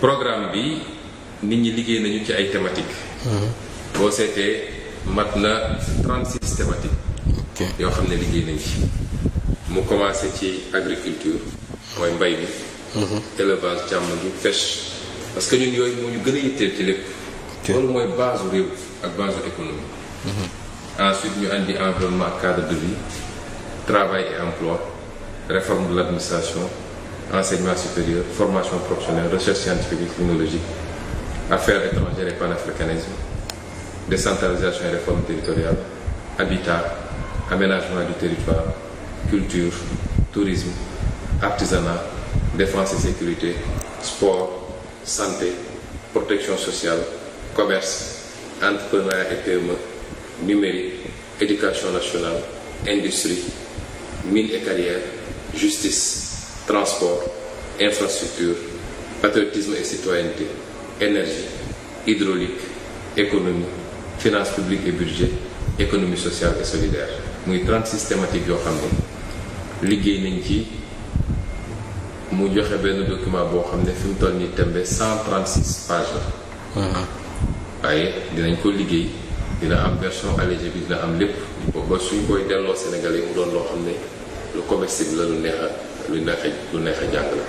programme bi nit ñi liggéey nañu ci ay thématiques. boo seetee mat na 36 thématiques. yoo xam ne liggéey nañ ci mu commencé ci agriculture mooy mbay mi. Mhm. élevage càmm gi feche parce que ñun yooyu moo ñu gën a yitteel ci lépp. loolu mooy base réew ak base économique. Mhm. ensuite ñu andi environnement cadre de vie travail et emploi réforme de l' enseignement supérieur, formation professionnelle, recherche scientifique et technologique, affaires étrangères et panafricanisme, décentralisation et réforme territoriale, habitat, aménagement du territoire, culture, tourisme, artisanat, défense et sécurité, sport, santé, protection sociale, commerce, entrepreneuriat et PME, numérique, éducation nationale, industrie, mines et carrières, justice, transport infrastructure patriotisme et citoyenneté énergie hydraulique économie finance publique et budget économie sociale et solidaire muy 36 thématiques yoo xam ne liggéey nañ ci mu joxe benn document boo xam ne fi mu toll nii tembe 136 pages la. waaye dinañ ko liggéey dina am version allégée bi dina am lépp. ba suñ koy delloo Sénégalais mu doon loo xam ne lu comestible la lu neex luy lu neex a jàng la.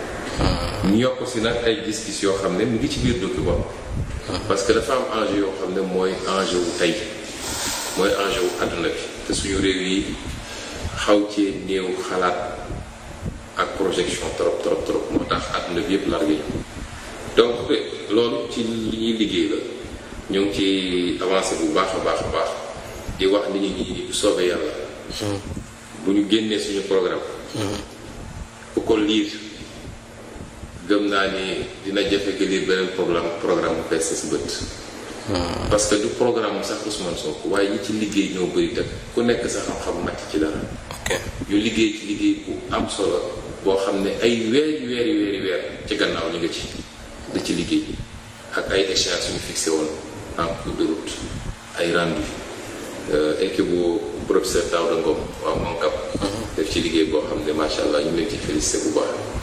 ñu yokk si nag ay gis yoo xam ne mu ngi ci biir document parce que dafa am enjeu yoo xam ne mooy enjeu wu tey mooy enjeu wu àdduna bi te suñu réew yi xaw cee néew xalaat ak projection trop trop trop moo tax àdduna bi yëpp largué donc loolu ci li ñuy liggéey la ñu ngi ci avancé bu baax a baax a baax di wax nit ñi bu soobee yàlla. Hmm. bu ñu génnee suñu programme. Hmm. ku ko liir gëm naa ni dina jafe nga liir beneen programme programme bu fees sa bët ah. parce que du programme sax Ousmane Sonko waaye ñu ci liggéey ñoo bëri te ku nekk sa xam-xam màcc ci dara ñu liggéey ci liggéey bu am solo boo xam ne ay weeri weeri weeri ci gannaaw ñu nga ci da ci liggéey ak ay échéances ñu fixé woon en cours ay rendu euh, équipe professeur Daouda Ngom waaw moom kap ci liggéey boo xam ne macha allah ñu leen ci félicité bu baax.